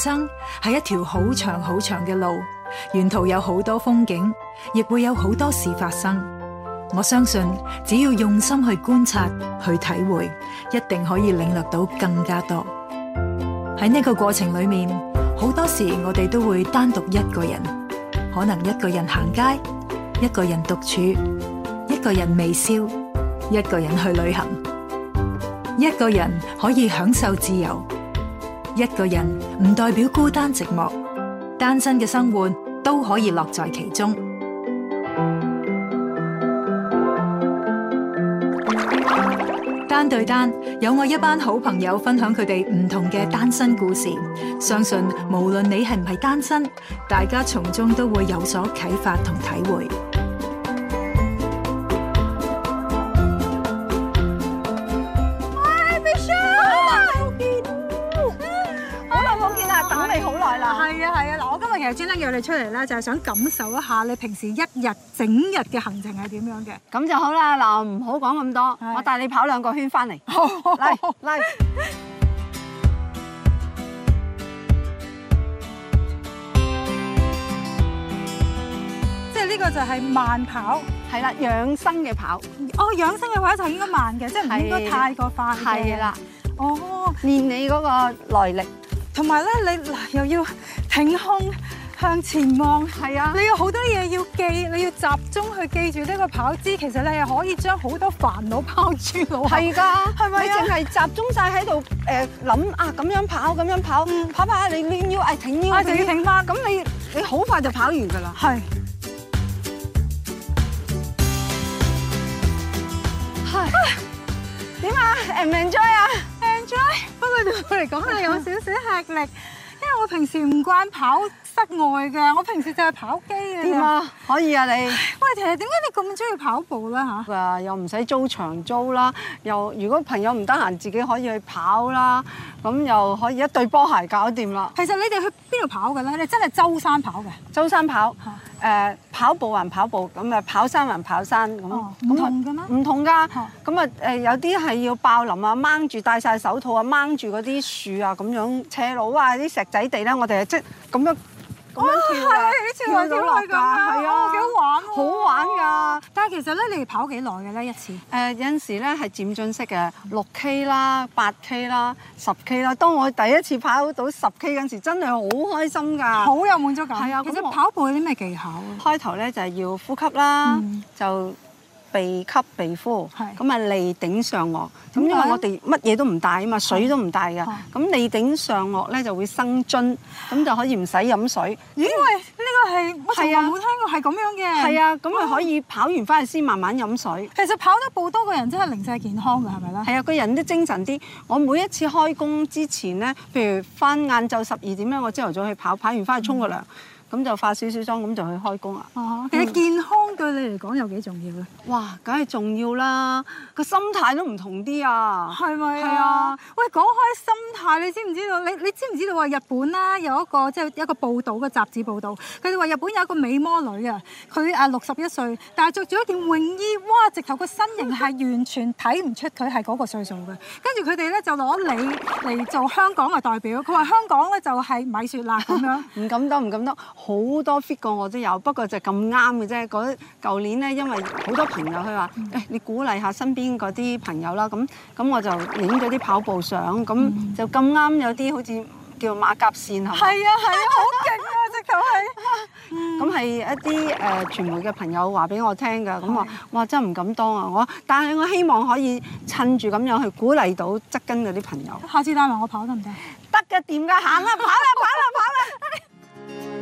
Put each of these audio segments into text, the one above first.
人生係一條好長好長嘅路，沿途有好多風景，亦會有好多事發生。我相信，只要用心去觀察、去體會，一定可以領略到更加多。喺呢個過程裏面，好多時我哋都會單獨一個人，可能一個人行街，一個人獨處，一個人微笑，一個人去旅行，一個人可以享受自由。一個人唔代表孤單寂寞，單身嘅生活都可以樂在其中。單對單，有我一班好朋友分享佢哋唔同嘅單身故事，相信無論你係唔係單身，大家從中都會有所啟發同體會。專登約你出嚟咧，就係想感受一下你平時一日整日嘅行程係點樣嘅。咁就好啦，嗱，唔好講咁多，我帶你跑兩個圈翻嚟。好，嚟嚟。即係呢個就係慢跑，係啦，養生嘅跑。哦，養生嘅話就應該慢嘅，即係唔應該太過快嘅啦。哦，練你嗰個耐力，同埋咧你又要挺胸。向前望，係啊！你有好多嘢要記，你要集中去記住呢個跑姿。其實你係可以將好多煩惱拋諸腦後。係噶的，係咪你淨係集中晒喺度誒諗啊，咁樣跑，咁樣跑，嗯、跑跑你彎腰，誒停腰，停腰，停翻。咁停你你好快就跑完噶啦。係係點啊？enjoy 啊，enjoy。不過對我嚟講，係有少少吃力。我平時唔慣跑室外嘅，我平時就係跑機啊。點啊？可以啊你。喂，其實點解你咁中意跑步咧吓？啊，又唔使租場租啦，又如果朋友唔得閒，自己可以去跑啦。咁又可以一對波鞋搞掂啦。其實你哋去邊度跑嘅咧？你真係周山跑嘅，周山跑嚇。誒跑步還跑步，咁誒跑山還跑山咁，唔、哦、唔同噶，咁誒誒有啲係要爆林啊，掹住戴晒手套啊，掹住嗰啲樹啊咁樣斜路啊啲石仔地咧，我哋誒即咁樣。哇！係啊，以前係跳落噶，係啊，幾好玩喎！好玩㗎，但係其實咧，你哋跑幾耐嘅咧一次？誒有陣時咧係漸進式嘅，六 K 啦、八 K 啦、十 K 啦。當我第一次跑到十 K 嗰陣時，真係好開心㗎！好有滿足感。係啊，其實跑步有啲咩技巧啊？開頭咧就係要呼吸啦，就。鼻吸鼻呼，咁啊脷頂上顎，咁因為我哋乜嘢都唔帶啊嘛，的水都唔帶嘅，咁脷頂上顎咧就會生津，咁就可以唔使飲水。咦，為呢個係我從來冇聽過係咁樣嘅。係啊，咁啊可以跑完翻去先慢慢飲水。哦。其實跑得步多個人真係零舍健康嘅，係咪咧？係啊，個人都精神啲。我每一次開工之前咧，譬如翻晏晝十二點咧，我朝頭早去跑，跑完翻去沖個涼。嗯咁就化少少妝，咁就去開工啦。哦、啊，其實健康對、嗯、你嚟講有幾重要咧？哇，梗係重要啦，個心態都唔同啲啊，係咪吧？係啊吧，喂，講開心態，你知唔知道？你你知唔知道啊？日本咧有一個即係、就是、一個報道嘅雜誌報道，佢哋話日本有一個美魔女啊，佢啊六十一歲，但係着住一件泳衣，哇！直頭個身形係完全睇唔出佢係嗰個歲數嘅。跟住佢哋咧就攞你嚟做香港嘅代表，佢話香港咧就係米雪啦咁樣。唔 敢當，唔敢當。好多 fit 過我都有，不過就咁啱嘅啫。嗰舊年咧，因為好多朋友佢話：誒，你鼓勵下身邊嗰啲朋友啦。咁咁我就影咗啲跑步相，咁就咁啱有啲好似叫馬甲線係嘛？係啊係啊，好勁啊！直頭係咁係一啲誒傳媒嘅朋友話俾我聽㗎，咁話哇真係唔敢當啊！我但係我希望可以趁住咁樣去鼓勵到側跟嗰啲朋友。下次帶埋我跑得唔得？得嘅，掂㗎，行啊，跑啦，跑啦，跑啦！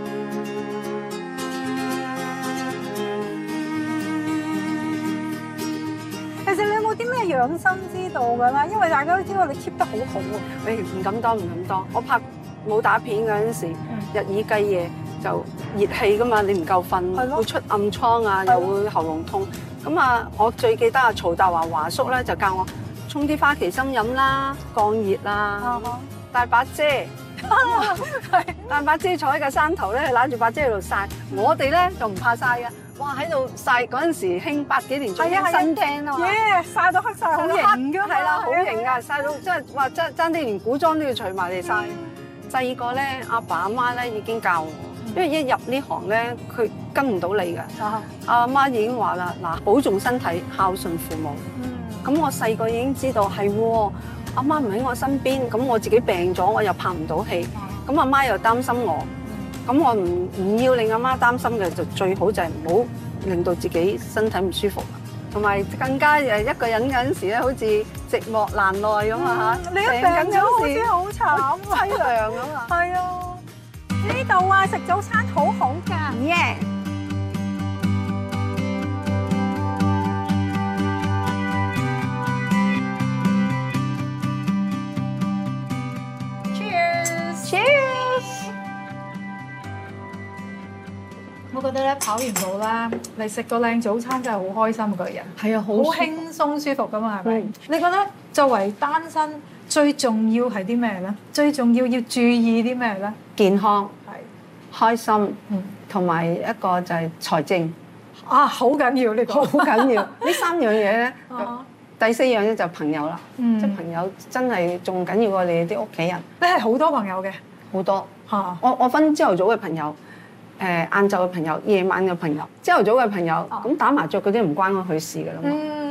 其實你有冇啲咩養生之道㗎咧？因為大家都知道你 keep 得好好啊，誒，唔敢當，唔敢當。我拍武打片嗰陣時，日以繼夜就熱氣㗎嘛，你唔夠瞓係咯，會出暗瘡啊，又會喉嚨痛。咁啊，我最記得阿曹達華華叔咧就教我沖啲花旗參飲啦，降熱啦，戴把遮，係，戴把遮坐喺個山頭咧，攬住把遮喺度晒。我哋咧就唔怕晒㗎。 哇！喺度曬嗰陣時，興八幾年仲興身聽啊嘛，曬到黑晒，好型㗎，係啦，好型㗎，曬到即係話，爭爭啲連古裝都要除埋你曬。細個咧，阿爸阿媽咧已經教我，因為一入呢行咧，佢跟唔到你㗎。阿媽已經話啦：嗱，保重身體，孝順父母。咁我細個已經知道係，阿媽唔喺我身邊，咁我自己病咗，我又拍唔到戲，咁阿媽又擔心我。咁我唔唔要令阿媽擔心嘅，就最好就係唔好令到自己身體唔舒服，同埋更加誒一個人嗰陣時咧，好似寂寞難耐咁啊、嗯、你一個人就好似好慘啊慘，淒涼啊嘛，係啊對了 了，呢度啊食早餐好好噶，耶！我覺得咧，跑完步啦，你食個靚早餐真係好開心嘅一個人，係啊，好輕鬆舒服噶嘛，係咪？你覺得作為單身最重要係啲咩咧？最重要要注意啲咩咧？健康係，開心同埋一個就係財政啊，好緊要呢個，好緊要呢三樣嘢咧。第四樣咧就朋友啦，即係朋友真係仲緊要過你啲屋企人。你係好多朋友嘅，好多吓。我我分朝頭早嘅朋友。誒晏晝嘅朋友，夜晚嘅朋友，朝頭早嘅朋友，咁、oh. 打麻雀嗰啲唔關我佢事嘅啦，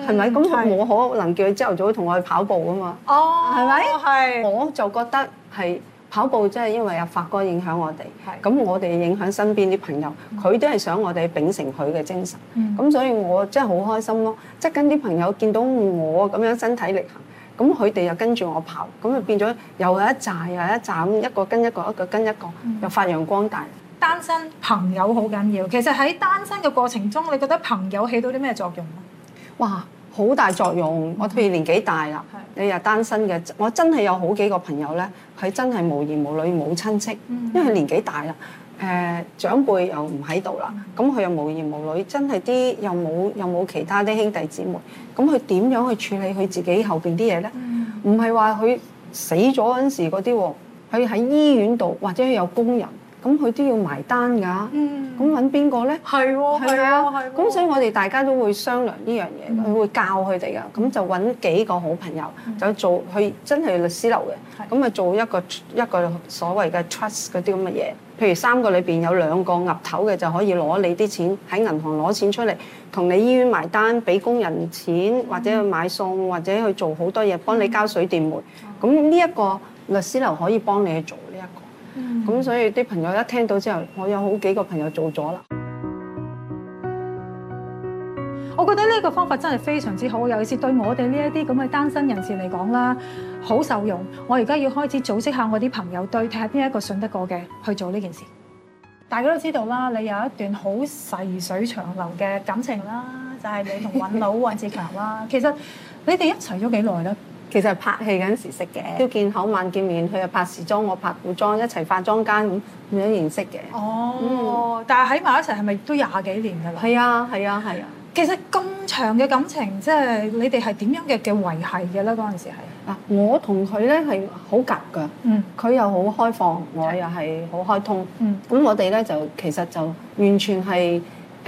係咪、mm,？咁我冇可能叫佢朝頭早同我去跑步啊嘛，哦、oh, oh,，係咪？係，我就覺得係跑步，即係因為阿發哥影響我哋，咁我哋影響身邊啲朋友，佢都係想我哋秉承佢嘅精神，咁、mm. 所以我真係好開心咯！即係跟啲朋友見到我咁樣身體力行，咁佢哋又跟住我跑，咁就變咗又有一拃又有一拃一,一個跟一個，一個跟一個，又發揚光大。單身朋友好緊要，其實喺單身嘅過程中，你覺得朋友起到啲咩作用咧？哇，好大作用！Mm hmm. 我譬如年紀大啦，mm hmm. 你又單身嘅，我真係有好幾個朋友呢，佢真係無兒無女冇親戚，因為佢年紀大啦，誒、呃、長輩又唔喺度啦，咁佢、mm hmm. 又無兒無女，真係啲又冇又冇其他啲兄弟姊妹，咁佢點樣去處理佢自己後邊啲嘢呢？唔係話佢死咗嗰陣時嗰啲，佢喺醫院度或者有工人。咁佢都要埋單㗎，咁揾邊個咧？係喎，係啊，咁所以我哋大家都會商量呢樣嘢，佢會教佢哋㗎，咁就揾幾個好朋友，就做佢真係律師樓嘅，咁啊做一個一個所謂嘅 trust 嗰啲咁嘅嘢。譬如三個裏邊有兩個岌頭嘅，就可以攞你啲錢喺銀行攞錢出嚟，同你醫院埋單，俾工人錢，或者去買餸，或者去做好多嘢，幫你交水電煤。咁呢一個律師樓可以幫你去做。咁所以啲朋友一聽到之後，我有好幾個朋友做咗啦。我覺得呢個方法真係非常之好，尤其是對我哋呢一啲咁嘅單身人士嚟講啦，好受用。我而家要開始組織下我啲朋友對睇下邊一個信得過嘅去做呢件事。大家都知道啦，你有一段好細水長流嘅感情啦，就係、是、你同尹老、尹志強啦。其實你哋一齊咗幾耐啦？其實拍戲嗰陣時識嘅，朝見口晚見面。佢又拍時裝，我拍古裝，一齊化妝間咁樣認識嘅。哦，嗯、但係喺埋一齊係咪都廿幾年㗎啦？係啊，係啊，係啊。其實咁長嘅感情，即、就、係、是、你哋係點樣嘅嘅維繫嘅咧？嗰陣時係我同佢咧係好夾㗎，佢、嗯、又好開放，我又係好開通，咁、嗯、我哋咧就其實就完全係。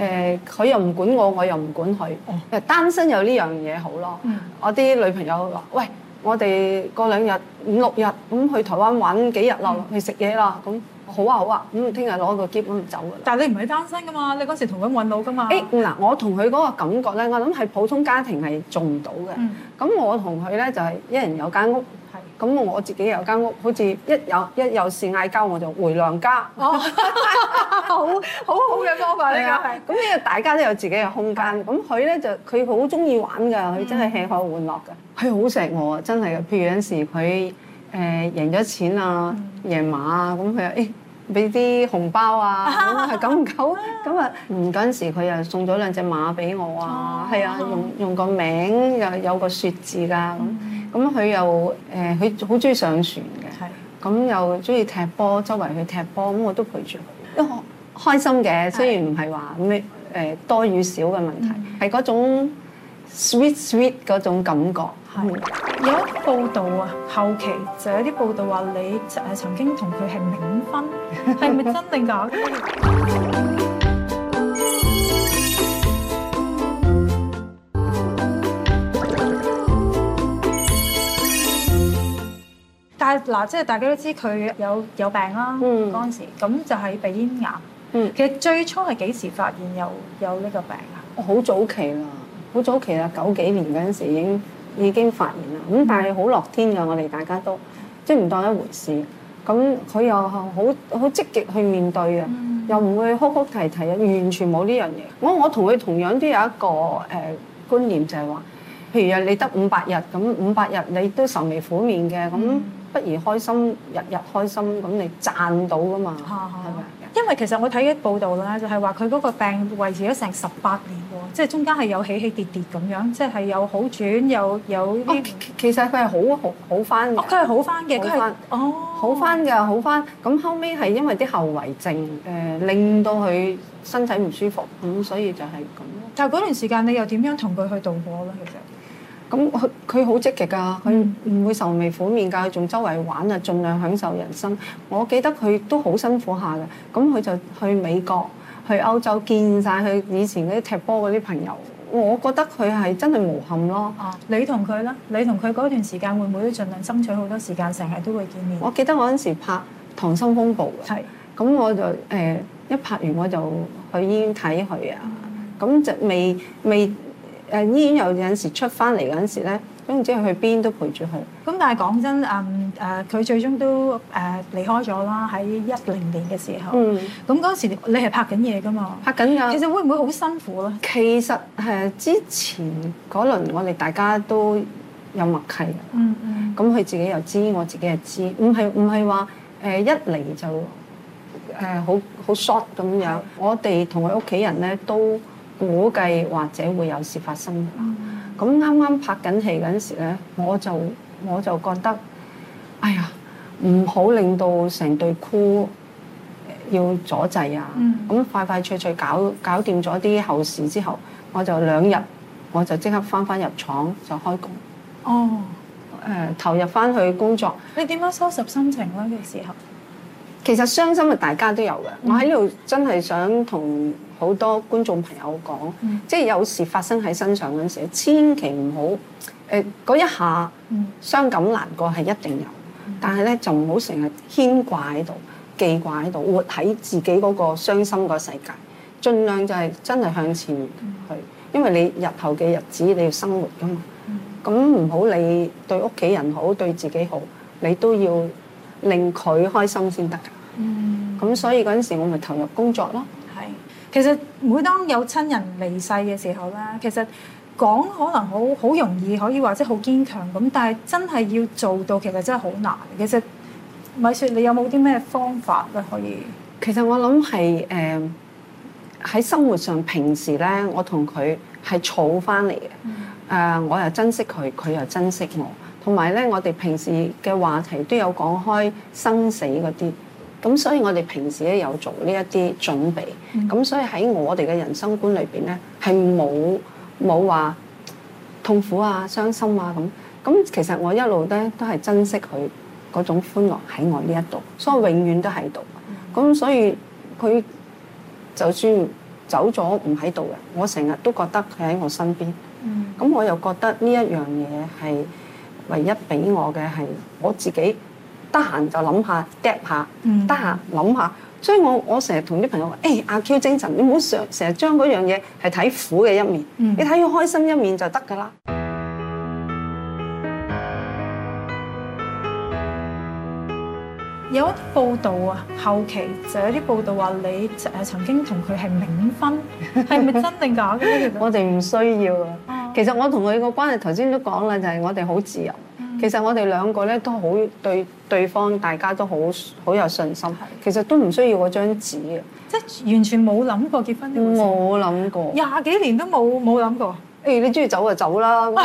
誒佢、呃、又唔管我，我又唔管佢。誒、哦、單身有呢樣嘢好咯。嗯、我啲女朋友話，喂，我哋過兩日五六日咁、呃、去台灣玩幾日啦，嗯、去食嘢啦。咁好啊好啊，咁聽日攞個喼咁走㗎。但係你唔係單身㗎嘛？你嗰時同佢揾到㗎嘛？誒嗱、哎，我同佢嗰個感覺咧，我諗係普通家庭係做唔到嘅。咁、嗯、我同佢咧就係、是、一人有間屋。咁我自己有間屋，好似一有一有事嗌交，我就回娘家。 oh. 好，好好好嘅方法呢個係。咁呢個大家都有自己嘅空間。咁佢咧就佢好中意玩㗎，佢真係吃喝玩樂㗎。佢好錫我啊，真係。譬如有陣時佢誒、呃、贏咗錢啊，贏馬啊，咁佢又俾啲紅包啊，咁啊係咁唔夠？咁啊，唔嗰陣時佢又送咗兩隻馬俾我啊，係、哦、啊，嗯、用用個名又有個雪字㗎。咁咁佢又誒，佢好中意上船嘅，咁是又中意踢波，周圍去踢波，咁我都陪住佢。因為開心嘅，雖然唔係話咩誒多與少嘅問題，係嗰、嗯、種。sweet sweet 嗰種感覺係。有啲報道啊，後期就有啲報道話你實係曾經同佢係冥婚，係咪真定假？但係嗱，即 係 blueberry 大家都知佢有有病啦、啊。嗯。嗰陣時咁就係鼻咽癌。嗯。其實最初係幾時發現有有呢個病啊？我好早期啊。好早期啦，九幾年嗰陣時已經已經發現啦，咁、嗯、但係好樂天嘅，我哋大家都即係唔當一回事。咁佢又好好積極去面對嘅，嗯、又唔會哭哭啼啼啊，完全冇呢樣嘢。我我同佢同樣都有一個誒、呃、觀念，就係、是、話，譬如啊，你得五百日咁，五百日你都愁眉苦面嘅，咁不如開心，日日開心咁你賺到㗎嘛。係咪、嗯？因為其實我睇一報道啦，就係話佢嗰個病維持咗成十八年喎，即係中間係有起起跌跌咁樣，即係有好轉有有。有哦，其實佢係好好翻佢係好翻嘅，佢好翻哦。好翻㗎，好翻。咁後尾係因為啲後遺症誒、呃，令到佢身體唔舒服，咁所以就係咁。但係嗰段時間你又點樣同佢去度過咧？其實？咁佢佢好積極啊！佢唔、嗯、會愁眉苦面㗎，佢仲周圍玩啊，盡量享受人生。我記得佢都好辛苦下嘅，咁佢就去美國、去歐洲見晒佢以前嗰啲踢波嗰啲朋友。我覺得佢係真係無憾咯。啊！你同佢咧？你同佢嗰段時間會唔會都盡量爭取好多時間，成日都會見面？我記得我嗰陣時拍《溏心風暴》㗎，咁是我就誒、呃、一拍完我就去醫院睇佢啊，咁、嗯、就未未。誒，醫院有陣時出翻嚟嗰陣時咧，總然之去邊都陪住佢。咁、嗯、但係講真，嗯誒，佢、呃、最終都誒、呃、離開咗啦。喺一零年嘅時候，咁嗰、嗯嗯、時你係拍緊嘢㗎嘛？拍緊㗎。其實會唔會好辛苦咧？其實係之前嗰輪，我哋大家都有默契嗯嗯。咁、嗯、佢、嗯、自己又知，我自己又知。唔係唔係話誒一嚟就誒好好 short 咁樣。的我哋同佢屋企人咧都。估計或者會有事發生啦。咁啱啱拍緊戲嗰陣時咧，我就我就覺得，哎呀，唔好令到成隊箍、呃、要阻滯啊。咁、嗯、快快脆脆搞搞掂咗啲後事之後，我就兩日我就即刻返返入廠就開工。哦，誒、呃，投入返去工作。你點樣收拾心情咧？嘅時候？其實傷心啊，大家都有嘅。嗯、我喺呢度真係想同好多觀眾朋友講，嗯、即係有事發生喺身上嗰陣時，千祈唔好誒，嗰一下傷感難過係一定有，嗯、但係咧就唔好成日牽掛喺度、記掛喺度，活喺自己嗰個傷心個世界，盡量就係真係向前去，嗯、因為你日後嘅日子你要生活㗎嘛。咁唔好，你對屋企人好，對自己好，你都要。令佢開心先得㗎，咁、嗯、所以嗰陣時我咪投入工作咯。係，其實每當有親人離世嘅時候咧，其實講可能好好容易可以話即好堅強咁，但係真係要做到其實真係好難。其實米雪，你有冇啲咩方法咧可以？其實我諗係誒喺生活上平時咧，我同佢係儲翻嚟嘅，誒、嗯呃、我又珍惜佢，佢又珍惜我。同埋咧，我哋平時嘅話題都有講開生死嗰啲，咁所以我哋平時咧有做呢一啲準備，咁所以喺我哋嘅人生觀裏邊咧，係冇冇話痛苦啊、傷心啊咁。咁其實我一路咧都係珍惜佢嗰種歡樂喺我呢一度，所以我永遠都喺度。咁所以佢就算走咗唔喺度嘅，我成日都覺得佢喺我身邊。咁我又覺得呢一樣嘢係。唯一俾我嘅係我自己想想，得閒就諗下 gap 下，得閒諗下，所以我我成日同啲朋友話，誒、欸、阿 Q 精神，你唔好成成日將嗰樣嘢係睇苦嘅一面，嗯、你睇佢開心一面就得㗎啦。有一啲報道啊，後期就有啲報道話你誒曾經同佢係冥婚，係咪 真定假嘅？我哋唔需要啊。 其實我同佢個關係頭先都講啦，就係、係、我哋好自由。嗯、其實我哋兩個咧都好對對方，大家都好好有信心。的其實都唔需要嗰張紙嘅，即係完全冇諗過結婚呢回事。冇諗過，廿幾年都冇冇諗過。誒、哎，你中意走，走就走啦。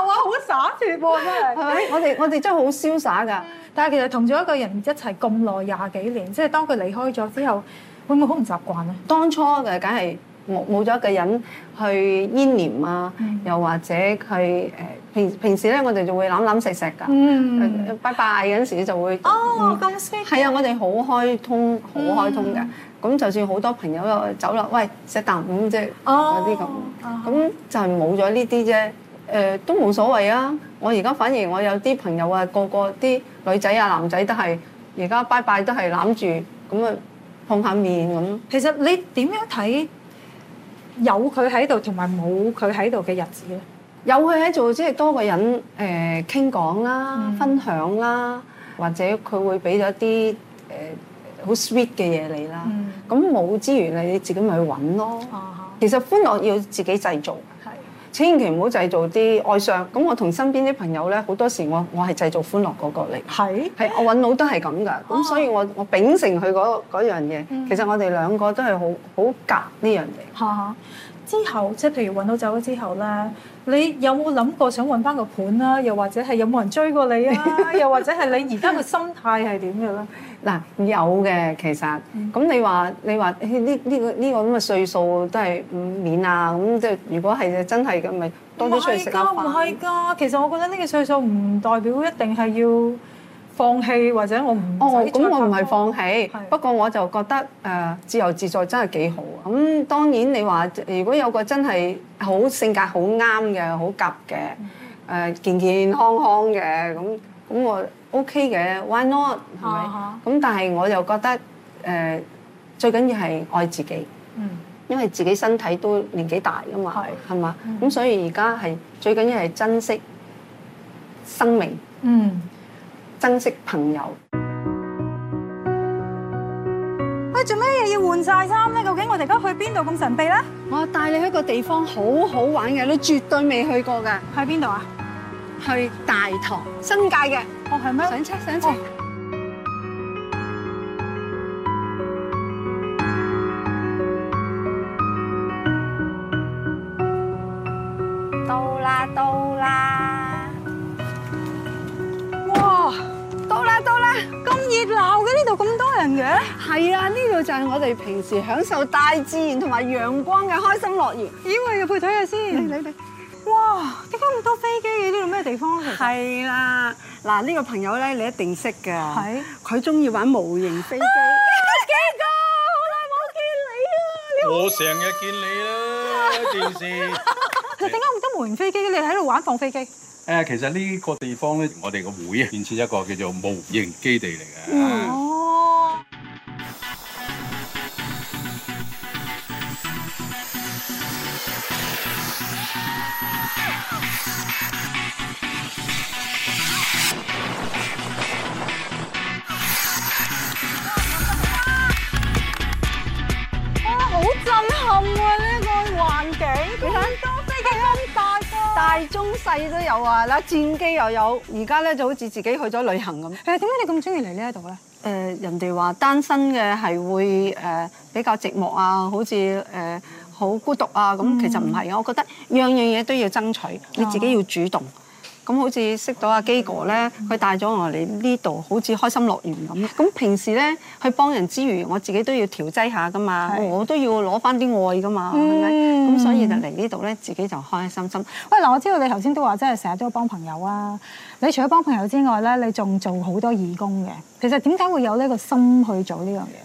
我好灑脱喎，真係係咪？我哋我哋真係好瀟灑噶。但係其實同咗一個人一齊咁耐廿幾年，即係當佢離開咗之後，會唔會好唔習慣咧？當初嘅梗係冇冇咗一個人去淹唸啊，又或者佢誒平平時咧，我哋就會攬攬錫錫噶。嗯，bye bye 嗰陣時就會哦咁 sweet。係啊，我哋好開通，好開通嘅。咁就算好多朋友走啦，喂，食啖五隻嗰啲咁，咁就係冇咗呢啲啫。誒、呃、都冇所謂啊！我而家反而我有啲朋友啊，個個啲女仔啊、男仔都係而家拜拜都係攬住咁啊，碰下面咁。其實你點樣睇有佢喺度同埋冇佢喺度嘅日子咧？有佢喺度即係多個人誒傾講啦、嗯、分享啦，或者佢會俾咗啲誒好 sweet 嘅嘢你啦。咁冇、嗯、資源咧，你自己咪去揾咯。啊、哈其實歡樂要自己製造。千祈唔好製造啲哀傷。咁我同身邊啲朋友咧，好多時我我係製造歡樂嗰、嗰個嚟，係係是我揾老都係咁噶，咁、哦、所以我我秉承佢嗰樣嘢，嗯、其實我哋兩個都係好好夾呢樣嘢。嗯之後，即係譬如揾到走咗之後咧，你有冇諗過想揾翻個盤啦？又或者係有冇人追過你啊？ 又或者係你而家個心態係點嘅咧？嗱， 有嘅其實，咁、嗯、你話你話呢呢個呢、呢個咁嘅、呢個、歲數都係唔免啊，咁即係如果係真係嘅咪多啲出去食飯。唔係㗎，唔係㗎，其實我覺得呢個歲數唔代表一定係要放棄或者我唔哦，我咁我唔係放棄，不過我就覺得誒自由自在真係幾好啊！咁當然你話如果有個真係好性格好啱嘅，好夾嘅，誒健健康康嘅咁咁我 OK 嘅，why not？係咪咁？但係我又覺得誒最緊要係愛自己，因為自己身體都年紀大㗎嘛，係嘛咁，所以而家係最緊要係珍惜生命。嗯。珍惜朋友。喂，做咩嘢要換曬衫咧？究竟我哋而家去邊度咁神秘咧？我帶你去一個地方好好玩嘅，你絕對未去過㗎。去邊度啊？去大棠，新界嘅。哦，係咩？上車，上車。到啦，到。咁熱鬧嘅，呢度咁多人嘅。係啊，呢度就係我哋平時享受大自然同埋陽光嘅開心樂園。咦，我哋去睇下先，你哋、嗯，哇，點解咁多飛機嘅？呢度咩地方？係啦，嗱，呢個朋友咧，你一定識噶，係嗎？佢中意玩模型飛機。啊。幾個好耐冇見你啊！你我成日見你啊，電視。其實點解咁多模型飛機？你喺度玩放飛機？誒，其實呢個地方呢，我哋個會啊，建設一個叫做模型基地嚟嘅。嗯你都有啊，嗱，戰機又有，而家咧就好似自己去咗旅行咁。誒，點解你咁鍾意嚟呢一度咧？誒，人哋話單身嘅係會誒比較寂寞啊，好似誒好孤獨啊，咁其實唔係啊，嗯、我覺得樣樣嘢都要爭取，你自己要主動。哦咁好似識到阿基哥咧，佢、嗯、帶咗我嚟呢度，好似開心樂園咁。咁平時咧，去幫人之餘，我自己都要調劑下噶嘛，的我都要攞翻啲愛噶嘛，咁、嗯、所以就嚟呢度咧，自己就開開心心。嗯、喂，嗱，我知道你頭先都話，真係成日都幫朋友啊。你除咗幫朋友之外咧，你仲做好多義工嘅。其實點解會有呢個心去做呢樣嘢？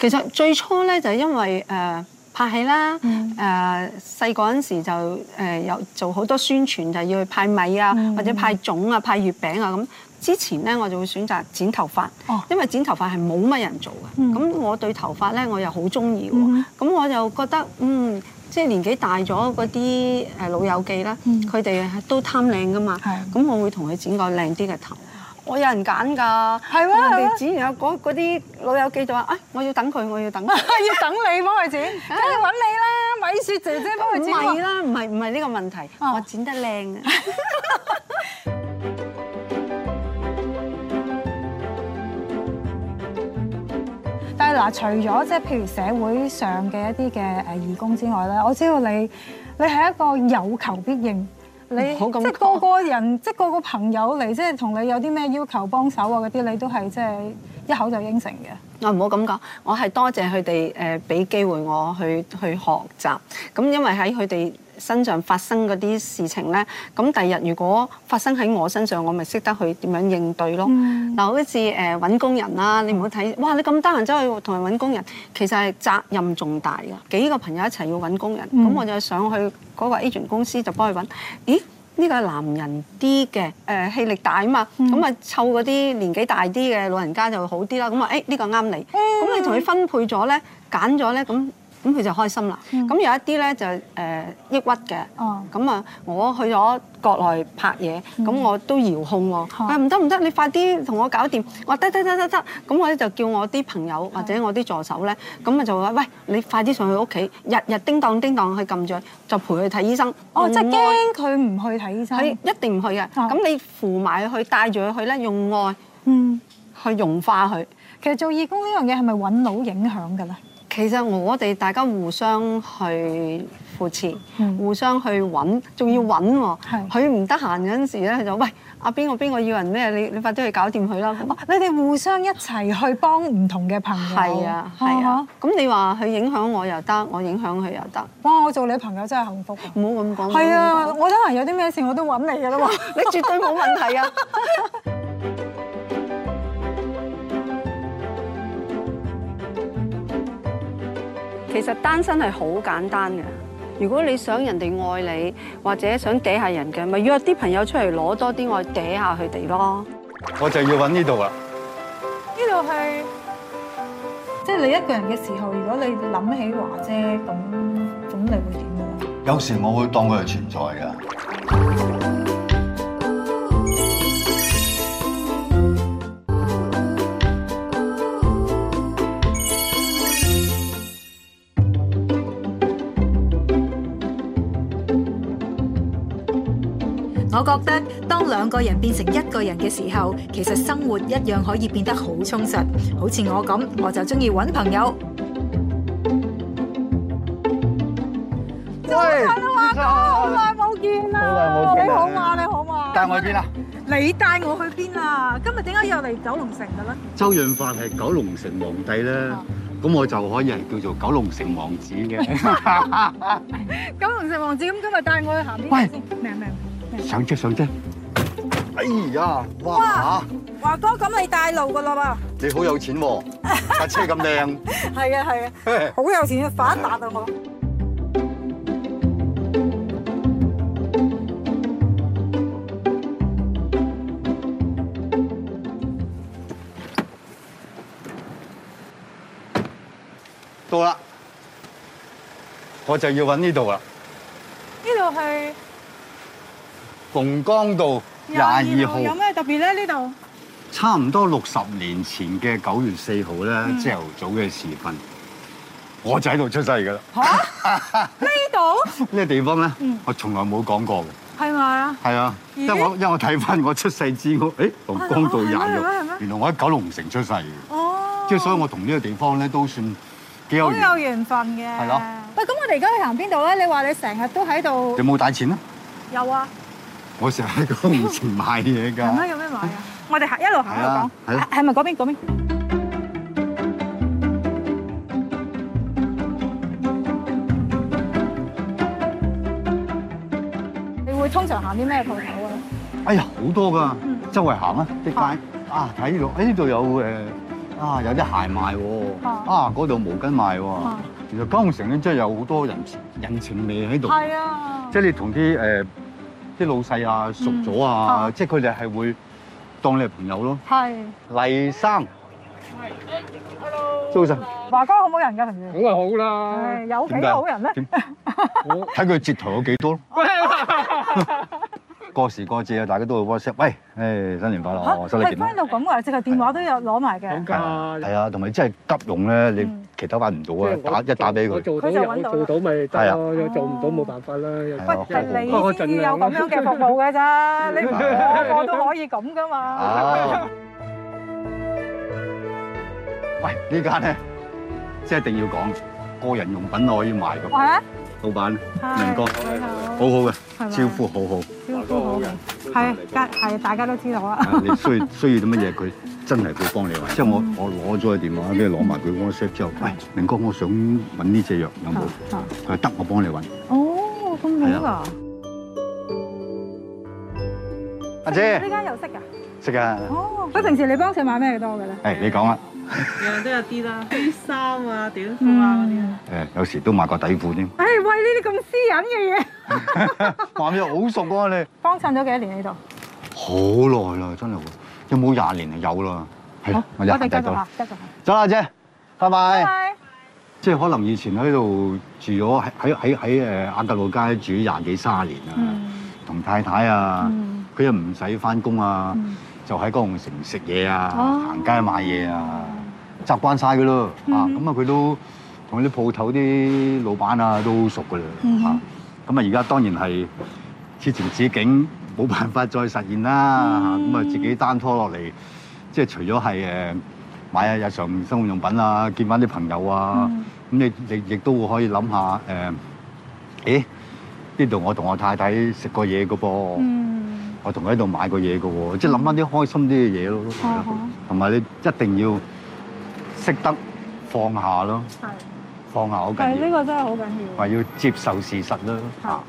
其實最初咧，就係因為誒。呃拍戲啦，誒細個嗰陣時就誒、呃、有做好多宣傳，就是、要去派米啊，嗯、或者派粽啊、派月餅啊咁。之前咧我就會選擇剪頭髮，哦、因為剪頭髮係冇乜人做嘅。咁、嗯、我對頭髮咧我又好中意喎。咁、嗯、我就覺得嗯，即、就、係、是、年紀大咗嗰啲誒老友記啦，佢哋、嗯、都貪靚㗎嘛。咁的我會同佢剪個靚啲嘅頭。我有人揀㗎，係啊，你剪完嗰嗰啲老友記就話：啊，我要等佢，我要等。要等你幫佢剪，咁你揾你啦，米雪姐姐幫佢剪。唔係啦，唔係唔係呢個問題，我剪得靚。但係嗱，除咗即係譬如社會上嘅一啲嘅誒義工之外咧，我知道你你係一個有求必應，你即係個個人，即係個個朋友嚟，即係同你有啲咩要求幫手啊嗰啲，你都係即係一口就應承嘅。我唔好咁講，我係多謝佢哋誒俾機會我去去學習。咁因為喺佢哋。身上發生嗰啲事情呢，咁第日如果發生喺我身上，我咪識得去點樣應對咯。嗱、嗯，好似揾、呃、工人啦，嗯、你唔好睇，哇！你咁得閒走去同人揾工人，其實係責任重大㗎。幾個朋友一齊要揾工人，咁、嗯、我就上去嗰、嗰個 agent 公司就幫佢揾。咦？呢、呢個係男人啲嘅，誒、呃、氣力大啊嘛，咁啊湊嗰啲年紀大啲嘅老人家就會好啲啦。咁啊，誒、哎、呢、呢個啱你，咁、嗯、你同佢分配咗呢，揀咗呢。咁。咁佢就開心啦。咁有一啲咧就誒抑鬱嘅。哦。咁啊，我去咗國內拍嘢，咁我都遙控喎。哦。佢話唔得唔得，你快啲同我搞掂。我話得得得得得。咁我咧就叫我啲朋友或者我啲助手咧，咁啊就話喂，你快啲上去屋企，日日叮當叮當去撳住，就陪佢睇醫生。哦，即係驚佢唔去睇醫生。佢一定唔去嘅。咁你扶埋佢，帶住佢去咧，用愛。嗯。去融化佢。其實做義工呢樣嘢係咪揾腦影響㗎咧？其實我哋大家互相去扶持，嗯、互相去揾，仲要揾喎、哦。佢唔得閒嗰陣時咧，佢就喂阿邊個邊個要人咩？你你快啲去搞掂佢啦。你哋互相一齊去幫唔同嘅朋友。係啊，係啊。咁、啊、你話佢影響我又得，我影響佢又得。哇！我做你朋友真係幸、啊啊、幸福。唔好咁講。係啊，我得閒有啲咩事我都揾你嘅啦 你絕對冇問題啊！ 其實單身係好簡單嘅，如果你想人哋愛你，或者想嗲下人嘅，咪約啲朋友出嚟攞多啲我嗲下佢哋咯。我就要揾呢度啦，呢度係即係你一個人嘅時候，如果你諗起華姐咁，咁你會點嘅？有時我會當佢係存在噶。我覺得當兩個人變成一個人嘅時候，其實生活一樣可以變得好充實。好似我咁，我就中意揾朋友。喂，好耐冇見啦！你好嘛？你好嘛？帶我去邊啊，你帶我去邊啊？今日點解又嚟九龍城嘅咧？周潤發係九龍城皇帝啦，咁我就可以係叫做九龍城王子嘅。九龍城王子咁，今日帶我去行邊先？明明。上車，上車！哎呀，哇！華哥，咁你帶路噶啦噃！你好有錢喎，架車咁靚。係啊係啊，好有錢啊！反彈到我。 到啦，我就要揾呢度啦。呢度係。鳳江道廿二號有咩特別咧？呢度差唔多六十年前嘅九月四號咧，朝頭早嘅時分，我就喺度出世噶啦。吓？呢度？咩地方咧？我從來冇講過嘅。係咪啊？係啊！因為我因為我睇翻我出世資料，誒，龍江道廿二，原來我喺九龍城出世嘅。哦！即係所以我同呢個地方咧都算幾有緣。好有緣分嘅。係咯。喂，咁我哋而家去行邊度咧？你話你成日都喺度。有冇帶錢啊？有啊。我成日喺面前買嘢㗎。咁 啊，有咩買啊？我哋行一路行，講，係咪嗰邊嗰邊？邊 你會通常行啲咩鋪頭啊？哎呀，好多噶，周圍行的啊，啲街啊，睇到哎呢度有誒啊，有啲鞋賣喎，的啊嗰度毛巾賣喎。的啊、原來九龍城咧真係有好多人人情味喺度。係啊的。即係你同啲誒。呃啲老細啊，熟咗、嗯、啊，即係佢哋係會當你係朋友咯。係是黎生，周生，華哥好冇人㗎，好咪好啦。有幾好人咧？睇佢何 折頭有幾多？ 過時過節啊，大家都會 WhatsApp，喂，誒，新年快樂，新年健。嚇，翻到咁啊，即係電話都有攞埋嘅。好㗎。係啊，同埋真係急用咧，你其實揾唔到啊，打一打俾佢。我做到，我做到咪得咯。又做唔到，冇辦法啦。不但你先要有咁樣嘅服務嘅啫，你，我我都可以咁噶嘛。哦。喂，呢間咧，即係一定要講，個人用品我可以買㗎。係啊。老闆，明哥，好好嘅，招呼好好，招呼好嘅，係，係大家都知道啊。你需需要啲乜嘢佢真係會幫你揾，即係我我攞咗佢電話，跟住攞埋佢 WhatsApp 之後，喂，明哥，我想揾呢隻藥有冇？係得，我幫你揾。哦，咁好啊。阿姐，呢間又識啊？識啊！哦，佢平時你幫佢買咩多嘅咧？係你講啦。樣都有啲啦，背心啊、短褲啊嗰啲。誒，有時都買個底褲添。唉，喂，呢啲咁私隱嘅嘢。咁又好熟啊。你幫襯咗幾多年喺度？好耐啦，真係，有冇廿年啊？有啦。好，我哋繼續啦，繼續。走啦，姐，拜拜。拜拜。即係可能以前喺度住咗喺喺喺誒亞皆老街住廿幾卅年啊，同太太啊，佢又唔使翻工啊。就喺九龍城食嘢啊，行街買嘢啊，習慣晒㗎咯啊，咁啊佢都同啲鋪頭啲老闆啊都熟㗎啦嚇，咁啊而家當然係此情此景冇辦法再實現啦咁、mm hmm. 啊自己單拖落嚟，即係除咗係誒買下日常生活用品、mm hmm. 啊，見翻啲朋友啊，咁你你亦都會可以諗下誒，咦呢度我同我太太食過嘢㗎噃。Mm hmm. 我同佢喺度買過嘢嘅喎，即係諗翻啲開心啲嘅嘢咯。同埋係。你一定要識得放下咯，係。放下好緊要。呢個真係好緊要。話要接受事實啦。係。啊、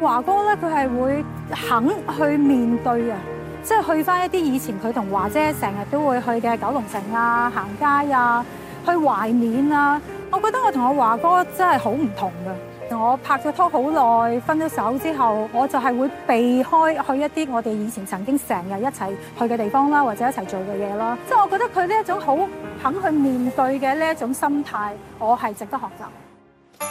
華哥咧，佢係會肯去面對啊，即係去翻一啲以前佢同華姐成日都會去嘅九龍城啊、行街啊、去懷念啊。我覺得我同阿華哥真係好唔同嘅。我拍咗拖好耐，分咗手之後，我就係會避開去一啲我哋以前曾經成日一齊去嘅地方啦，或者一齊做嘅嘢啦。即係我覺得佢呢一種好肯去面對嘅呢一種心態，我係值得學習。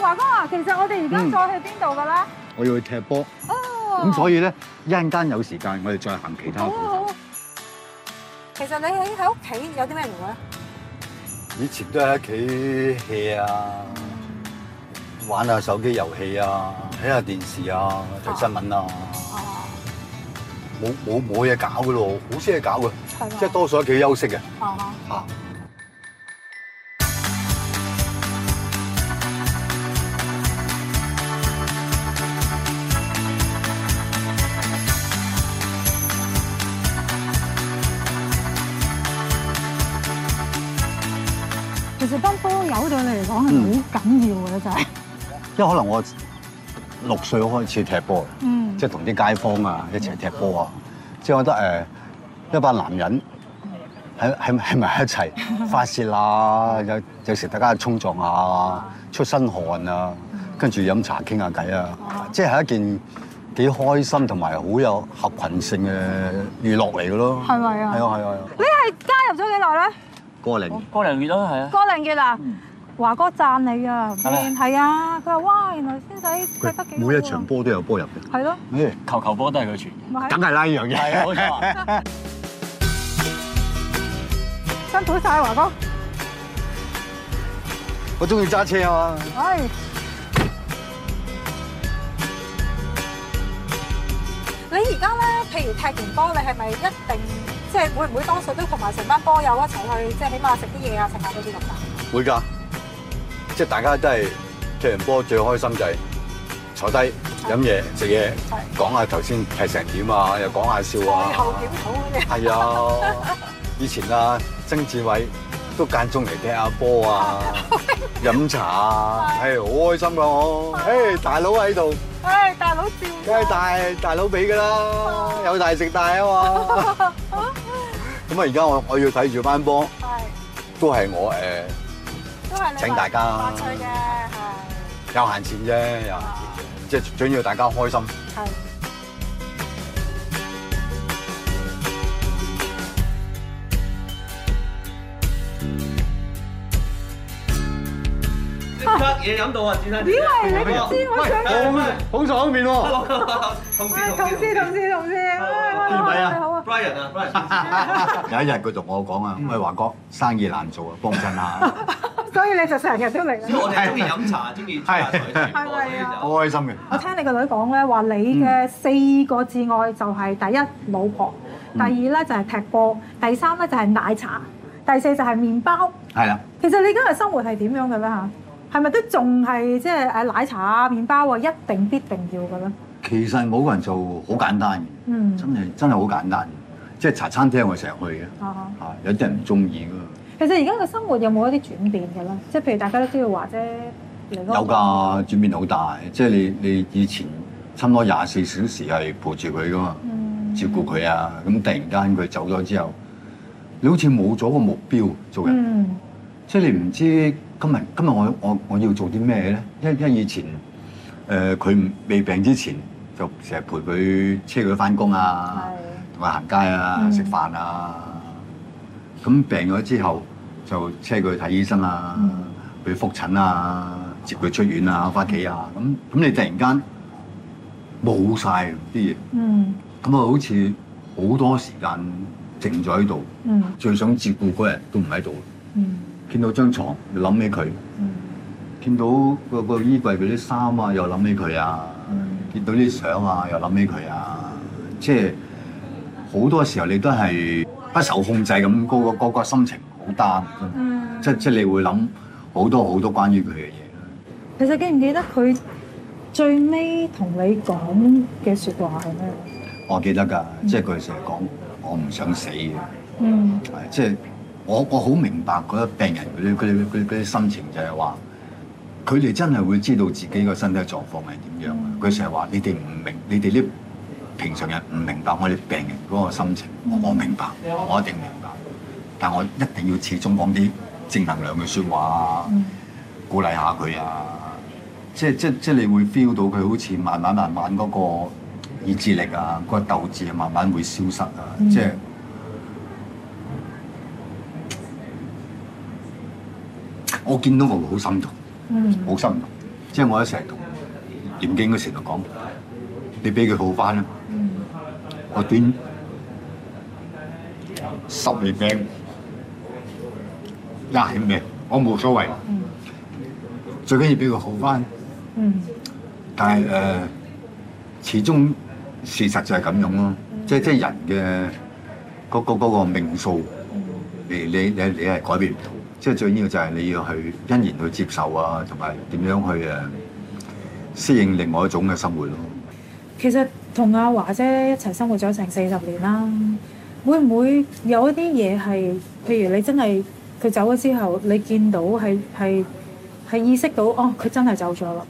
華哥啊，其實我哋而家再去邊度噶啦？我要去踢波。哦。咁所以咧，一陣間有時間，我哋再行其他。Oh. 其實你喺喺屋企有啲咩娛樂咧？以前都係喺屋企 hea 啊，玩下手機遊戲啊，睇下電視啊，睇新聞啊，冇冇冇嘢搞嘅咯，好少嘢搞嘅，嗎即係多數喺屋企休息嘅，吓嗎。係好緊要嘅，就係。因為可能我六歲開始踢波，即係同啲街坊啊一齊踢波啊，即係我覺得，誒一班男人喺喺喺埋一齊發洩啊，有有時大家衝撞下出身汗啊，跟住飲茶傾下偈啊，即係一件幾開心同埋好有合群性嘅娛樂嚟嘅咯。係咪啊？係啊係啊！你係加入咗幾耐咧？個零個零月啦，係啊。個零月啊？華哥讚你啊！係啊嗎，佢話：哇，原來師仔踢得幾好。每一場波都有波入嘅，係咯對了，球球波都係佢傳，梗係啦，呢樣嘢係冇錯。 辛苦晒華哥，我中意揸車啊嘛。係，你而家咧，譬如踢完波，你係咪一定即係、就是、會唔會多數都同埋成班波友一齊去，即係起碼食啲嘢啊，食下嗰啲咁噶？會㗎。即係大家都係踢完波最開心就係坐低飲嘢食嘢講下頭先係成點啊，又講下笑啊。以後點好啊？係啊！以前啊，曾志偉都間中嚟踢下波啊，飲茶啊，嘿，好開心噶我。嘿係啊，大佬喺度。嘿，大佬笑，梗係大大佬俾噶啦，有大食大啊嘛。咁啊，而家我我要睇住翻波，都係我誒。都你你請大家，係有趣嘅係，有閒錢啫，即係最緊要大家開心。嘢飲到啊！自以為你知我想講咩？好爽面喎！同事同事同事，唔好啊，Brian 啊！Brian 有一日佢同我講啊，唔係華哥生意難做啊，幫襯下。所以你就成日都嚟。我哋中意飲茶，中意係係咪啊？好開心嘅。我聽你個女講咧，話你嘅四個摯愛就係第一老婆，第二咧就係踢波，第三咧就係奶茶，第四就係麵包。係啊。其實你今日生活係點樣嘅咧嚇？係咪都仲係即係誒奶茶啊、麪包啊，一定必定要嘅咧？其實冇個人做好簡單嘅，嗯，真係真係好簡單嘅。即係茶餐廳我成日去嘅，嚇、啊哈啊、有啲人唔中意㗎。其實而家嘅生活有冇一啲轉變嘅咧？即係譬如大家都知道話啫，有㗎轉變好大。即係你你以前差唔多廿四小時係陪住佢嘅嘛，嗯、照顧佢啊。咁突然間佢走咗之後，你好似冇咗個目標做人，嗯、即係你唔知。今日今日我我我要做啲咩咧？因為因為以前誒佢、呃、未病之前，就成日陪佢車佢返工啊，同佢行街啊，食、嗯、飯啊。咁病咗之後，就車佢去睇醫生啊，去覆、嗯、診啊，接佢出院啊，返屋企啊。咁咁你突然間冇晒啲嘢，咁啊、嗯、好似好多時間靜咗喺度，嗯、最想照顧嗰人都唔喺度。嗯見到張床，又諗起佢，嗯、見到個個衣櫃嗰啲衫啊，又諗起佢啊，嗯、見到啲相啊又諗起佢啊，即係好多時候你都係不受控制咁，個個，個個心情好擔，嗯、即即你會諗好多好多關於佢嘅嘢。其實記唔記得佢最尾同你講嘅説話係咩？我記得㗎，嗯、即係佢成日講我唔想死嘅，嗯、即係。我我好明白嗰啲病人嗰啲佢啲心情就係話，佢哋真係會知道自己個身體狀況係點樣。佢成日話你哋唔明，你哋啲平常人唔明白我哋病人嗰個心情。嗯、我明白，我一定明白。但我一定要始終講啲正能量嘅説話，鼓勵下佢啊。即即即你會 feel 到佢好似慢慢慢慢嗰個意志力啊，嗰、嗰個鬥志啊，慢慢會消失啊。嗯、即係。我見到我好心痛，好、嗯、心痛，即係我一成日同念經嗰時同講，你俾佢好翻啦，嗯啊！我頂十年病廿年病，我冇所謂，嗯、最緊要俾佢好翻。嗯、但係誒、呃，始終事實就係咁樣咯，即係即係人嘅嗰嗰嗰個命、嗰個數，你你你你係改變唔到。即係最緊要就係你要去欣然去接受啊，同埋點樣去誒適應另外一種嘅生活咯。其實同阿華姐一齊生活咗成四十年啦，會唔會有一啲嘢係，譬如你真係佢走咗之後，你見到係係係意識到哦，佢真係走咗啦。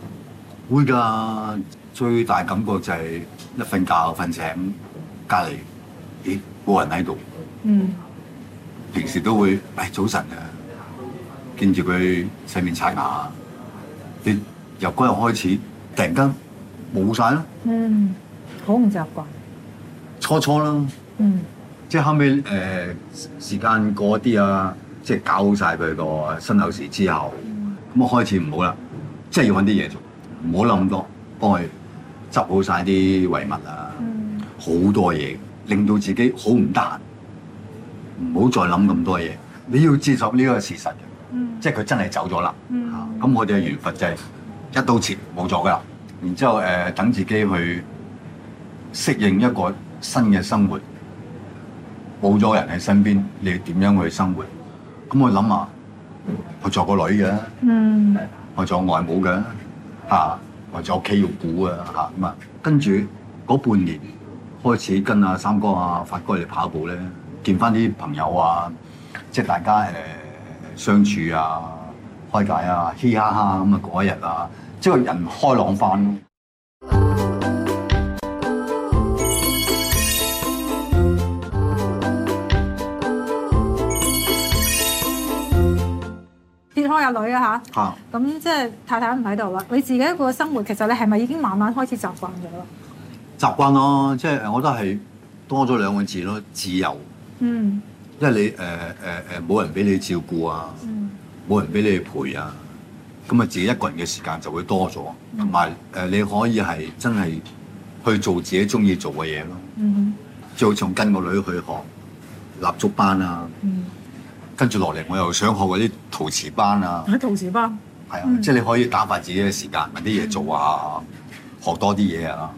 會㗎，最大感覺就係一瞓覺瞓醒，隔離咦冇人喺度。嗯。平時都會誒早晨啊。見住佢洗面刷牙，你由嗰日開始，突然間冇晒啦。嗯，好唔習慣。初初啦。嗯。即係後尾誒、呃、時間過啲啊，即係搞好曬佢個身後事之後，咁我、嗯、開始唔好啦，即、係、要揾啲嘢做，唔好諗咁多，幫佢執好晒啲遺物啊，好、嗯、多嘢令到自己好唔得閒，唔好再諗咁多嘢。你要接受呢個事實嘅。嗯、即係佢真係走咗啦，咁、嗯嗯、我哋嘅緣分就係一刀切冇咗噶啦。然之後誒、呃，等自己去適應一個新嘅生活，冇咗人喺身邊，你點樣去生活？咁、嗯嗯、我諗下，我做個女嘅，嗯、我做外母嘅，嚇、啊，我做屋企要顧嘅嚇。咁啊，跟住嗰半年開始跟阿三哥啊、發哥嚟跑步咧，見翻啲朋友啊，即係大家誒。相處啊，開解啊，嘻嘻哈哈咁啊過一日啊，即係人開朗翻咯。撇開阿女啊吓，咁即係太太唔喺度啦。你自己個生活其實你係咪已經慢慢開始習慣咗？習慣咯，即係我覺得係多咗兩個字咯，自由。嗯。嗯因為你誒誒誒冇人俾你照顧啊，冇、嗯、人俾你陪啊，咁啊自己一個人嘅時間就會多咗，同埋誒你可以係真係去做自己中意做嘅嘢咯，就好似、嗯、跟個女去學蠟燭班啊，跟住落嚟我又想學嗰啲陶瓷班啊，喺陶瓷班，係啊，的嗯、即係你可以打發自己嘅時間，揾啲嘢做啊，嗯、學多啲嘢啊，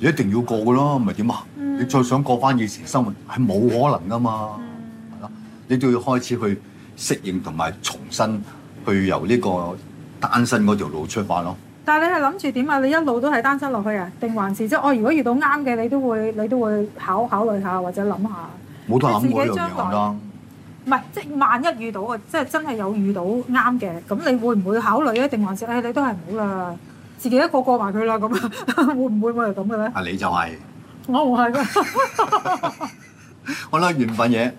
你一定要過嘅咯，唔係點啊？你再想過返以前嘅生活係冇可能噶嘛。你都要開始去適應同埋重新去由呢個單身嗰條路出發咯。但係你係諗住點啊？你一路都係單身落去啊？定還是即係我如果遇到啱嘅，你都會你都會考考慮下或者諗下。冇諗過呢樣嘢啦。唔係即係萬一遇到啊，即係真係有遇到啱嘅，咁你會唔會考慮咧？定還是誒、哎、你都係唔好啦？自己一個過埋佢啦咁啊？會唔會我係咁嘅咧？啊！你就係、是、我唔係㗎。 好啦，緣分嘢。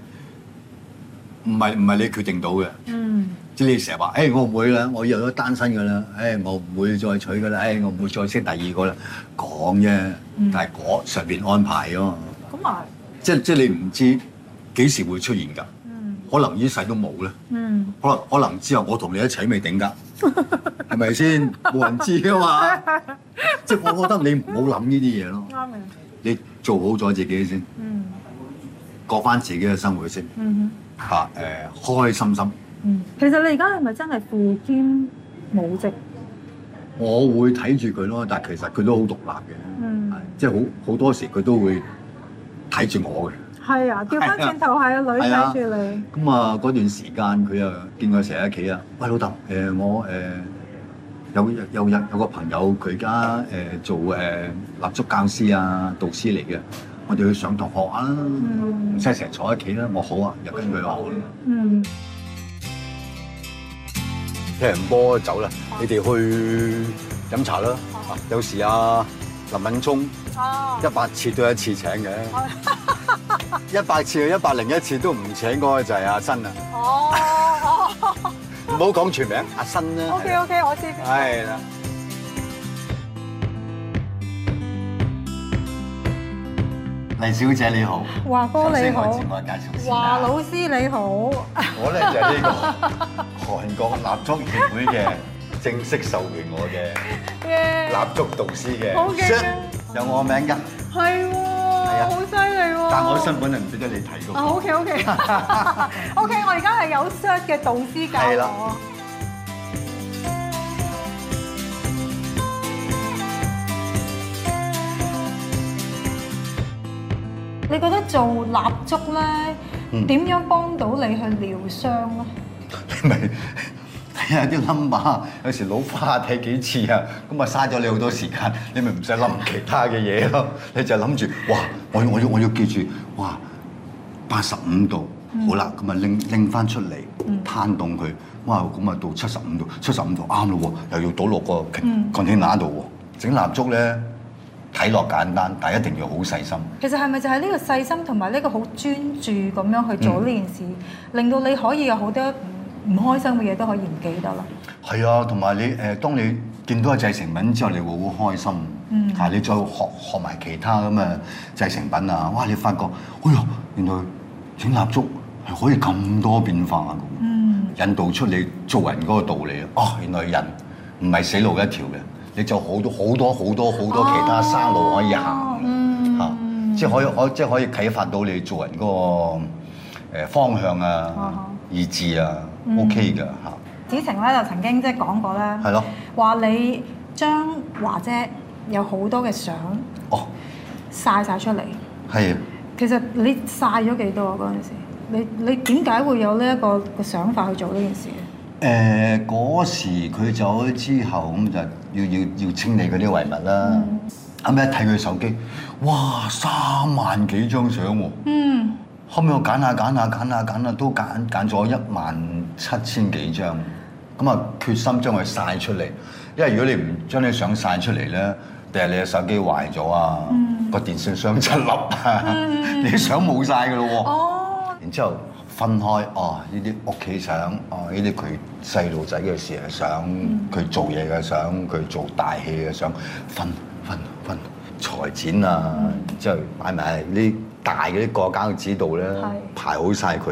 唔係唔係你決定到嘅，即係你成日話，誒我唔會啦，我以後都單身㗎啦，誒我唔會再娶㗎啦，誒我唔會再識第二個啦，講啫，但係嗰上邊安排啊嘛。咁啊，即即係你唔知幾時會出現㗎，可能呢世都冇咧，可能可能之後我同你一齊咪掂㗎，係咪先？冇人知㗎嘛，即係我覺得你唔好諗呢啲嘢咯，你做好咗自己先，過翻自己嘅生活先。嚇！誒、啊呃、開心心。嗯，其實你而家係咪真係負擔冇職？我會睇住佢咯，但係其實佢都獨、嗯、好獨立嘅，係即係好好多時佢都會睇住我嘅。係啊，調翻轉頭係阿女睇住你。咁啊，嗰、嗯、段時間佢啊見佢成日屋企啊，喂，老豆誒、呃、我誒、呃、有有有有個朋友佢而家誒做誒、呃、立足教師啊導師嚟嘅。我哋去上堂學啊，唔使成日坐喺屋企啦，我好啊，又跟佢學。嗯。踢完波走啦，你哋去飲茶咯。啊，有時啊，林敏聰，一百次都一次請嘅，一百次一百零一次都唔請嗰個就係阿新啦。哦，唔好講全名，阿新啦。O K O K，我知。係啦。黎小姐你好。華哥，華老師你好。我呢就係呢個韓國蠟燭協會嘅正式授權我嘅蠟燭導師嘅，有我名㗎。係喎，好犀利喎，係啊。但我，身本係唔俾得你睇嘅。OK OK OK。 我而家係有Shut嘅導師教我  你覺得做蠟燭咧，點樣幫到你去療傷咧？嗯、你咪睇下啲 number 有時老花睇幾次啊，咁啊嘥咗你好多時間，你咪唔使諗其他嘅嘢咯。你就諗住，哇！我要我要我要記住，哇！八十五度，嗯、好啦，咁啊拎拎翻出嚟，攤凍佢。嗯、哇！咁啊到七十五度，七十五度啱啦喎，又要倒落個乾氣壩度喎。整、嗯、蠟燭咧～睇落簡單，但係一定要好細心。其實係咪就係呢個細心同埋呢個好專注咁樣去做呢、嗯、件事，令到你可以有好多唔開心嘅嘢都可以唔記得啦。係、嗯、啊，同埋你誒、呃，當你見到個製成品之後，你會好開心。嗯、啊，你再學學埋其他咁嘅製成品啊！哇，你發覺，哎呀，原來整蠟燭係可以咁多變化啊！咁，嗯，引導出你做人嗰個道理啊！哦，原來人唔係死路一條嘅。嗯你就好多好多好多好多其他山路可以行嘅嚇，即係、哦嗯即係、可以可即係、即係、可以啟發到你做人嗰個誒方向啊、哦、意志啊、嗯、OK 嘅嚇。芷珊咧就曾經即係講過咧，話係咯，你將華姐有好多嘅相哦晒晒出嚟，係啊，其實你晒咗幾多嗰陣時你？你你點解會有呢、呢、一個、呢個想法去做呢件事咧？誒嗰、呃、時佢走咗之後，咁就要要要清理嗰啲遺物啦。後尾、嗯、一睇佢手機，哇，三萬幾張相喎！後尾我揀下揀下揀下揀下，都揀揀咗一萬七千幾張。咁啊，決心將佢晒出嚟，因為如果你唔將啲相晒出嚟咧，定係你嘅手機壞咗啊，個、嗯、電信商執笠，啊， 你相冇晒噶咯喎。哦， 然之後。分開哦，呢啲屋企相，哦，呢啲佢細路仔嘅時候相，佢做嘢嘅相，佢做大戲嘅相，分分分裁剪啊，嗯、然之後買埋啲大嗰啲過膠紙度咧排好晒佢，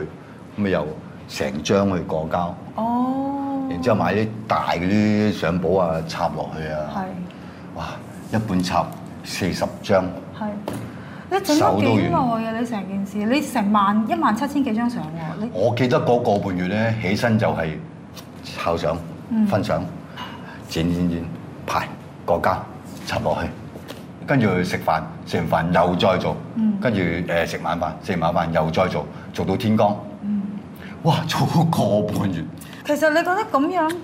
咁啊又成張去過膠，哦，然之後買啲大嗰啲相簿啊插落去啊，是的 哇，一本插四十張。整咗幾耐啊！你成件事，你成萬一萬七千幾張相喎、啊。你我記得嗰個半月咧，起身就係摺相、嗯、分相、剪剪剪、排個家，插落去，跟住去食飯，食完飯又再做，跟住誒食晚飯，食完晚飯又再做，做到天光。嗯、哇！做個半月。其實你覺得咁樣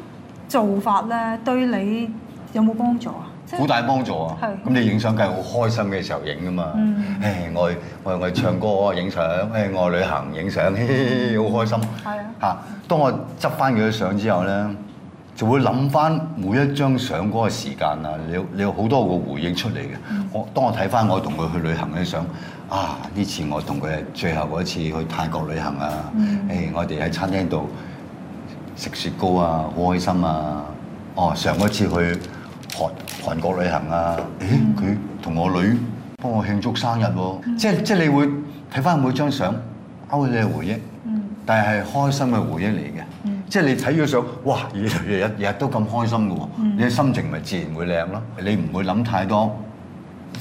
做法咧，對你有冇幫助啊？好大幫助啊！咁的、嗯、你影相梗係好開心嘅時候影㗎嘛？誒、嗯 hey,，我我我唱歌影相，誒、 哎，我旅行影相，嘻嘻，好開心嚇的、啊。當我執翻佢啲相之後咧，就會諗翻每一張相嗰個時間啊，你有你好多個回應出嚟嘅。嗯、我當我睇翻我同佢去旅行嘅相啊，呢次我同佢最後嗰一次去泰國旅行、嗯、啊，誒，我哋喺餐廳度食雪糕啊，好開心啊！哦，上嗰次去韓韓國旅行啊！誒、欸，佢同、嗯、我女幫我慶祝生日喎、啊嗯，即係即係你會睇翻每張相，勾起嘅回憶，嗯、但係開心嘅回憶嚟嘅，嗯、即係你睇依個相，哇！日日日日都咁開心嘅喎，嗯、你嘅心情咪自然會靚咯，你唔會諗太多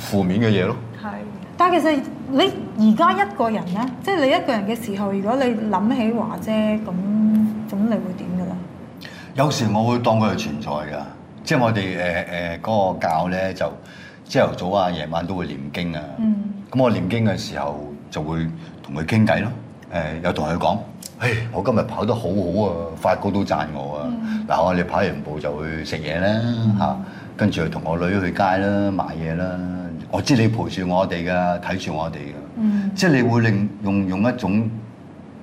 負面嘅嘢咯。係，但係其實你而家一個人咧，即、就、係、是、你一個人嘅時候，如果你諗起華姐咁，咁你會點㗎啦？ 有時我會當佢係存在㗎。即係我哋誒誒嗰個教咧，就朝頭早啊、夜晚都會念經啊。咁、嗯嗯、我念經嘅時候就會同佢傾偈咯。誒、呃，又同佢講：，誒、hey,，我今日跑得好好啊，發哥都讚我啊。嗱、嗯，我哋跑完步就去食嘢啦，嚇、嗯啊。跟住又同我女去街啦、啊，買嘢啦、啊。我知你陪住我哋㗎，睇住我哋㗎。嗯、即係你會令用用一種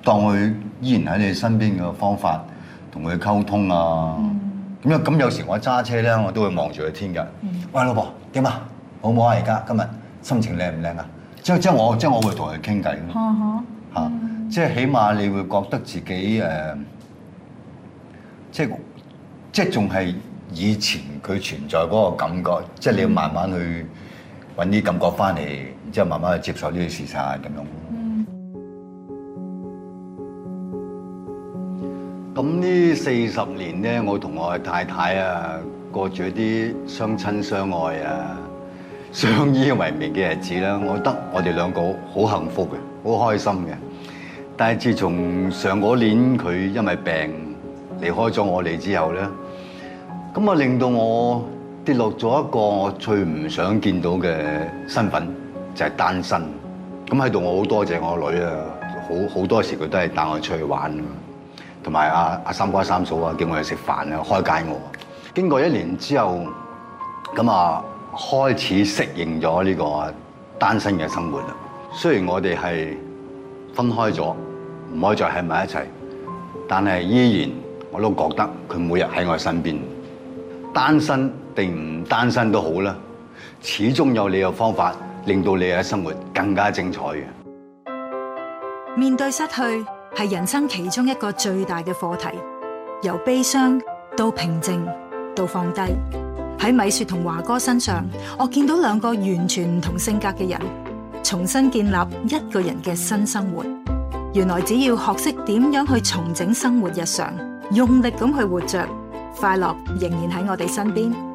當佢依然喺你身邊嘅方法同佢溝通啊。嗯咁又咁有時我揸車咧，我都會望住佢聽日。嗯、喂，老婆點啊？好唔好啊？而家今日心情靚唔靚啊？即即我即我會同佢傾偈咯。嚇嚇即起碼你會覺得自己誒、呃，即即仲係以前佢存在嗰個感覺，嗯、即你要慢慢去搵啲感覺翻嚟，然之後慢慢去接受呢啲事實咁樣。咁呢四十年呢，我同我太太啊，過住一啲相親相愛啊、相依為命嘅日子啦。我覺得我哋兩個好幸福嘅，好開心嘅。但係自從上嗰年佢因為病離開咗我哋之後咧，咁啊令到我跌落咗一個我最唔想見到嘅身份，就係單身。咁喺度我好多謝我個女啊，好好多時佢都係帶我出去玩。同埋阿阿三哥阿三嫂啊，叫我去食飯啊，開解我。經過一年之後，咁啊開始適應咗呢個單身嘅生活啦。雖然我哋係分開咗，唔可以再喺埋一齊，但係依然我都覺得佢每日喺我身邊。單身定唔單身都好啦，始終有你嘅方法令到你嘅生活更加精彩嘅。面對失去。係人生其中一個最大嘅課題，由悲傷到平靜，到放低。喺米雪同華哥身上，我見到兩個完全唔同性格嘅人，重新建立一個人嘅新生活。原來只要學識點樣去重整生活日常，用力咁去活着，快樂仍然喺我哋身邊。